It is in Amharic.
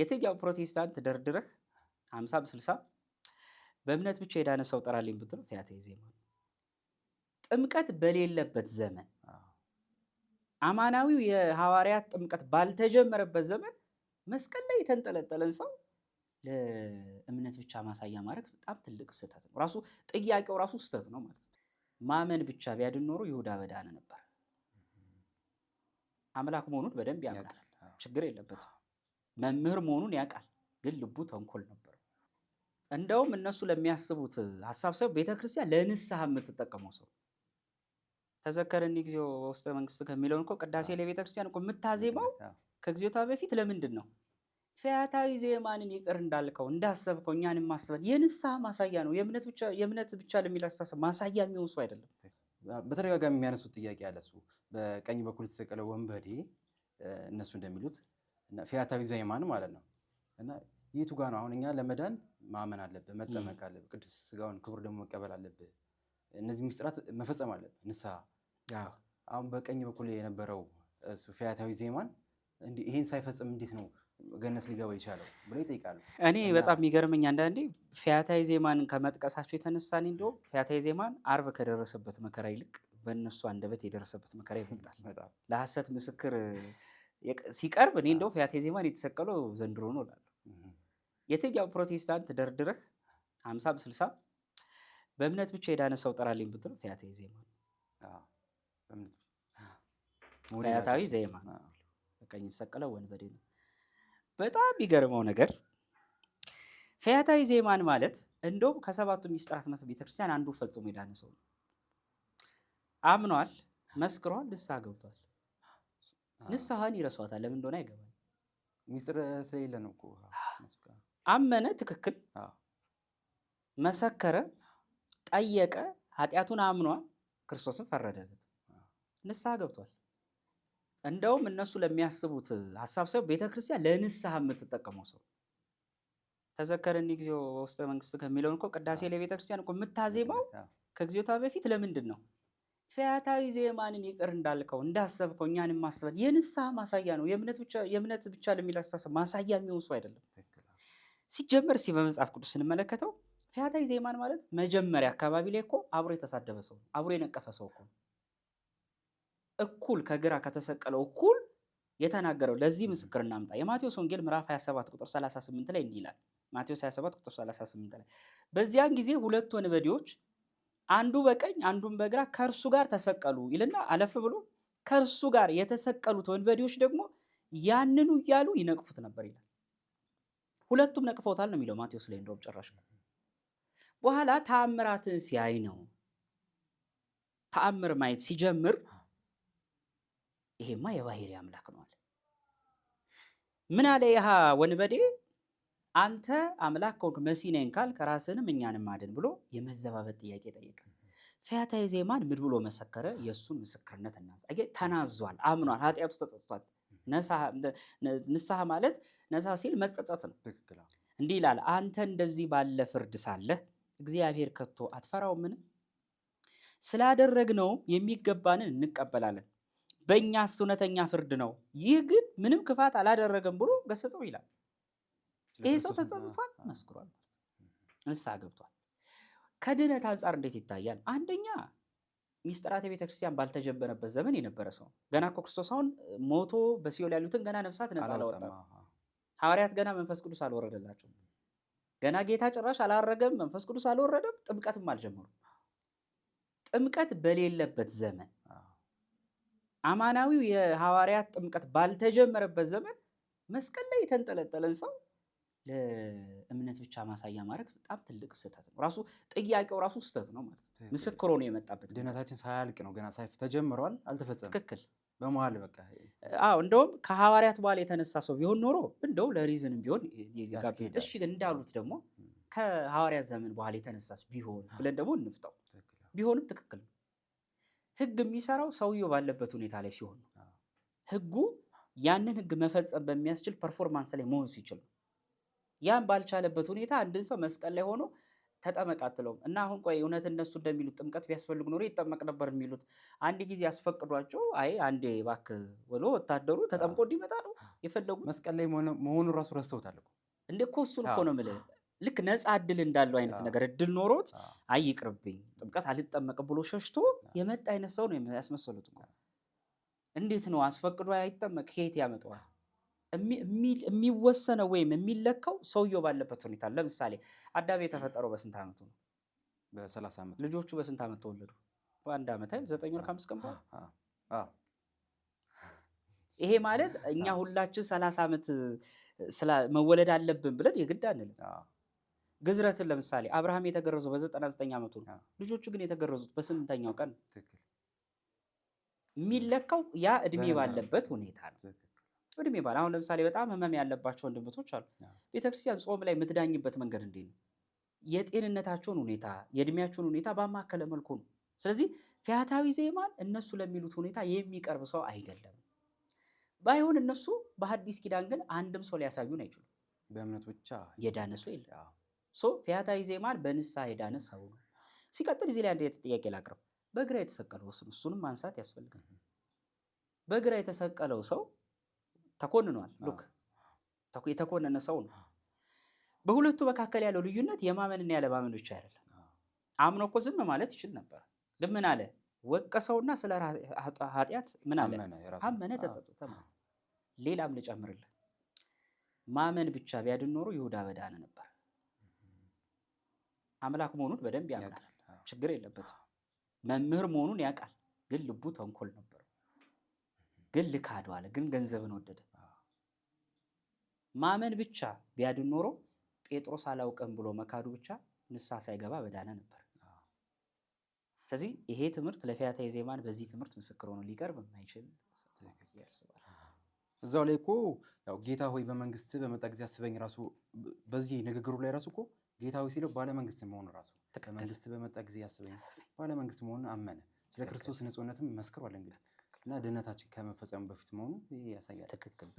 የትኛው ፕሮቴስታንት ደርድረህ ሀምሳም ስልሳ በእምነት ብቻ የዳነ ሰው ጠራልኝ ብትለው ፊያቴይዝም ነው። ጥምቀት በሌለበት ዘመን አማናዊው የሐዋርያት ጥምቀት ባልተጀመረበት ዘመን መስቀል ላይ የተንጠለጠለን ሰው ለእምነት ብቻ ማሳያ ማድረግ በጣም ትልቅ ስህተት ነው። ራሱ ጥያቄው ራሱ ስህተት ነው ማለት ነው። ማመን ብቻ ቢያድን ኖሮ ይሁዳ በዳነ ነበር። አምላክ መሆኑን በደንብ ያምናል፣ ችግር የለበትም። መምህር መሆኑን ያውቃል፣ ግን ልቡ ተንኮል ነበር። እንደውም እነሱ ለሚያስቡት ሀሳብ ሰው ቤተክርስቲያን ለንስሐ የምትጠቀመው ሰው ተዘከረኒ ጊዜው በውስተ መንግስት ከሚለውን እኮ ቅዳሴ ለቤተ ክርስቲያን እኮ የምታዜመው ከጊዜታ በፊት ለምንድን ነው? ፈያታዊ ዜማንን ይቅር እንዳልከው እንዳሰብከው እኛን ማስበን የንስሐ ማሳያ ነው። የእምነት ብቻ ለሚል አስተሳሰብ ማሳያ የሚወሱ አይደለም። በተደጋጋሚ የሚያነሱት ጥያቄ አለ። እሱ በቀኝ በኩል የተሰቀለው ወንበዴ እነሱ እንደሚሉት እና ፊያታዊ ዘይማን ማለት ነው። እና የቱ ጋ ነው አሁን እኛ ለመዳን ማመን አለብህ፣ መጠመቅ አለብህ፣ ቅዱስ ስጋውን ክቡር ደግሞ መቀበል አለብህ። እነዚህ ምስጢራት መፈጸም አለብህ። ንስሐ አሁን በቀኝ በኩል የነበረው እሱ ፊያታዊ ዜማን ይሄን ሳይፈጽም እንዴት ነው ገነት ሊገባ ይቻለው ብሎ ይጠይቃሉ። እኔ በጣም የሚገርመኝ አንዳንዴ ፊያታዊ ዜማን ከመጥቀሳቸው የተነሳ እኔ እንዲያውም ፊያታዊ ዜማን አርብ ከደረሰበት መከራ ይልቅ በእነሱ አንደበት የደረሰበት መከራ ይበልጣል። ለሐሰት ምስክር ሲቀርብ እኔ እንደው ፊያቴ ዜማን የተሰቀለው ዘንድሮ ነው እላለሁ። የትኛው ፕሮቴስታንት ደርድረህ ሀምሳም ስልሳ በእምነት ብቻ የዳነ ሰው ጥራልኝ ብትለው ፊያቴ ዜማ ፍያታዊ ዜማ ቀኝ የተሰቀለው ወንበዴ ነው። በጣም የሚገርመው ነገር ፊያታዊ ዜማን ማለት እንደውም ከሰባቱ ሚስጥራት መስ ቤተክርስቲያን አንዱ ፈጽሞ የዳነ ሰው ነው። አምኗል፣ መስክሯል፣ ንስሐ ገብቷል። ንስሐን ይረሷታል። ለምን እንደሆነ አይገባል። ሚስጥር ስለሌለ ነው እኮ። አመነ፣ ትክክል። መሰከረ፣ ጠየቀ፣ ኃጢአቱን አምኗል፣ ክርስቶስን ፈረደለት፣ ንስሐ ገብቷል። እንደውም እነሱ ለሚያስቡት ሀሳብ ሳይሆን ቤተክርስቲያን ለንስሐ የምትጠቀመው ሰው ተዘከረኒ ጊዜው ውስተ መንግስት ከሚለውን እኮ ቅዳሴ ለቤተክርስቲያን እኮ የምታዜማው ከጊዜታ በፊት ለምንድን ነው? ፈያታዊ ዜማንን ይቅር እንዳልከው እንዳሰብከው እኛን ማስበል የንስሐ ማሳያ ነው። የእምነት ብቻ ለሚል አስተሳሰብ ማሳያ የሚሆን ሰው አይደለም። ሲጀመር ሲ በመጽሐፍ ቅዱስ ስንመለከተው ፈያታዊ ዜማን ማለት መጀመሪያ አካባቢ ላይ እኮ አብሮ የተሳደበ ሰው አብሮ የነቀፈ ሰው እኮ እኩል ከግራ ከተሰቀለው እኩል የተናገረው ለዚህ ምስክር እናምጣ። የማቴዎስ ወንጌል ምዕራፍ 27 ቁጥር 38 ላይ እንዲህ ይላል። ማቴዎስ 27 ቁጥር 38 ላይ በዚያን ጊዜ ሁለት ወንበዴዎች አንዱ በቀኝ አንዱም በግራ ከእርሱ ጋር ተሰቀሉ ይልና አለፍ ብሎ ከእርሱ ጋር የተሰቀሉት ወንበዴዎች ደግሞ ያንኑ እያሉ ይነቅፉት ነበር ይላል። ሁለቱም ነቅፈውታል ነው የሚለው ማቴዎስ ላይ እንደውም ጭራሽ በኋላ ተአምራትን ሲያይ ነው ተአምር ማየት ሲጀምር ይሄማ የባህሪ አምላክ ነው አለ። ምን አለ ይሃ ወንበዴ አንተ አምላክ ከሆንክ መሲ ነኝ ካል ከራስንም እኛንም አድን ብሎ የመዘባበት ጥያቄ ጠየቀ። ፈያታዊ ዜማን ምድ ብሎ መሰከረ። የእሱን ምስክርነት እናንሳ። ተናዟል፣ አምኗል፣ ኃጢአቱ ተጸጽቷል። ንስሐ ማለት ነሳ ሲል መጸጸት ነው። እንዲህ ይላል፣ አንተ እንደዚህ ባለ ፍርድ ሳለህ እግዚአብሔር ከቶ አትፈራውምን? ስላደረግነው የሚገባንን እንቀበላለን። በእኛስ እውነተኛ ፍርድ ነው። ይህ ግን ምንም ክፋት አላደረገም ብሎ ገሰጸው ይላል። ይሄ ሰው ተጸጽቷል፣ መስክሯል፣ ንስሐ ገብቷል። ከድህነት አንጻር እንዴት ይታያል? አንደኛ ሚስጥራት ቤተክርስቲያን ባልተጀበረበት ዘመን የነበረ ሰው ገና እኮ ክርስቶስ አሁን ሞቶ በሲኦል ያሉትን ገና ነፍሳት ነጻ አላወጣ። ሐዋርያት ገና መንፈስ ቅዱስ አልወረደላቸውም። ገና ጌታ ጭራሽ አላረገም፣ መንፈስ ቅዱስ አልወረደም፣ ጥምቀትም አልጀመሩም። ጥምቀት በሌለበት ዘመን አማናዊው የሐዋርያት ጥምቀት ባልተጀመረበት ዘመን መስቀል ላይ የተንጠለጠለን ሰው ለእምነት ብቻ ማሳያ ማድረግ በጣም ትልቅ ስህተት ነው። ራሱ ጥያቄው ራሱ ስህተት ነው ማለት ነው። ምስክር ነው የመጣበት ድህነታችን ሳያልቅ ነው ገና ሳይፍ ተጀምረዋል፣ አልተፈጸመም። ትክክል በመሀል በቃ አዎ፣ እንደውም ከሐዋርያት በኋላ የተነሳ ሰው ቢሆን ኖሮ እንደው ለሪዝንም ቢሆን እሺ፣ እንዳሉት ደግሞ ከሐዋርያት ዘመን በኋላ የተነሳስ ቢሆን ብለን ደግሞ እንፍጠው። ቢሆንም ትክክል ነው። ህግ የሚሰራው ሰውየው ባለበት ሁኔታ ላይ ሲሆን ነው። ህጉ ያንን ህግ መፈጸም በሚያስችል ፐርፎርማንስ ላይ መሆን ሲችል ነው። ያን ባልቻለበት ሁኔታ አንድን ሰው መስቀል ላይ ሆኖ ተጠመቅ አትለውም እና አሁን ቆይ እውነት እነሱ እንደሚሉት ጥምቀት ቢያስፈልግ ኖሮ ይጠመቅ ነበር የሚሉት አንድ ጊዜ ያስፈቅዷቸው፣ አይ አንዴ እባክህ ብሎ ወታደሩ ተጠምቆ እንዲመጣ ነው የፈለጉት። መስቀል ላይ መሆኑ ራሱ ረስተውታል እንደ እኮ እሱን እኮ ነው የምልህ። ልክ ነፃ እድል እንዳለው አይነት ነገር እድል ኖሮት አይ ይቅርብኝ ጥምቀት አልጠመቅም ብሎ ሸሽቶ የመጣ አይነት ሰው ነው ያስመሰሉት። እንዴት ነው አስፈቅዶ አይጠመቅ? ከየት ያመጣዋል? የሚወሰነው ወይም የሚለካው ሰውየው ባለበት ሁኔታ። ለምሳሌ አዳም የተፈጠረው በስንት ዓመቱ ነው? በሰላሳ ዓመት። ልጆቹ በስንት ዓመት ተወለዱ? በአንድ ዓመት ዘጠኝ ወር ከአምስት ቀን በኋላ። ይሄ ማለት እኛ ሁላችን ሰላሳ ዓመት መወለድ አለብን ብለን የግድ አንልም። ግዝረትን ለምሳሌ አብርሃም የተገረዘው በዘጠና ዘጠኝ ዓመቱ ነው። ልጆቹ ግን የተገረዙት በስምንተኛው ቀን። የሚለካው ያ እድሜ ባለበት ሁኔታ ነው። እድሜ ባል አሁን ለምሳሌ በጣም ህመም ያለባቸው ወንድምቶች አሉ። ቤተክርስቲያን ጾም ላይ የምትዳኝበት መንገድ እንዴት ነው? የጤንነታቸውን ሁኔታ የእድሜያቸውን ሁኔታ ባማከለ መልኩ ነው። ስለዚህ ፈያታዊ ዜማን እነሱ ለሚሉት ሁኔታ የሚቀርብ ሰው አይደለም። ባይሆን እነሱ በሐዲስ ኪዳን ግን አንድም ሰው ሊያሳዩን አይችሉም። በእምነት ብቻ የዳነ ሰው የለም። ዜማን በንሳ የዳነ ሰው ነው። ሲቀጥል እዚህ ላይ አንድ ጥያቄ ላቅርብ። በግራ የተሰቀለው እሱንም ማንሳት ያስፈልጋል። በግራ የተሰቀለው ሰው ተኮንኗል። ሉክ የተኮነነ ሰው ነው። በሁለቱ መካከል ያለው ልዩነት የማመንና ያለማመን ብቻ አይደለም። አምኖ እኮ ዝም ማለት ይችል ነበር። ግን ምን አለ? ወቀሰውና ስለ ኃጢአት ምን አለ? አመነ፣ ተጸጸተ ማለት። ሌላም ልጨምርልህ፣ ማመን ብቻ ቢያድን ኖሮ ይሁዳ በዳነ ነበር። አምላክ መሆኑን በደንብ ያምናል፣ ችግር የለበትም። መምህር መሆኑን ያውቃል፣ ግን ልቡ ተንኮል ነበር። ግን ልካዱ ግን ገንዘብን ወደደ። ማመን ብቻ ቢያድን ኖሮ ጴጥሮስ አላውቀም ብሎ መካዱ ብቻ ንሳ ሳይገባ በዳነ ነበር። ስለዚህ ይሄ ትምህርት ለፈያታዊ ዜማን በዚህ ትምህርት ምስክር ሆኖ ሊቀርብ የማይችል ያስባል። እዛው ላይ እኮ ያው ጌታ ሆይ በመንግስት በመጣ ጊዜ አስበኝ ራሱ በዚህ ንግግሩ ላይ ራሱ እኮ ጌታ ሆይ ሲለው ባለመንግስት መሆኑ ራሱ በመንግስት በመጣ ጊዜ አስበኝ ባለመንግስት መሆኑን አመነ። ስለ ክርስቶስ ንጹህነትም መስክሯል። እንግዲህ እና ድህነታችን ከመፈጸሙ በፊት መሆኑ ያሳያል። ትክክል።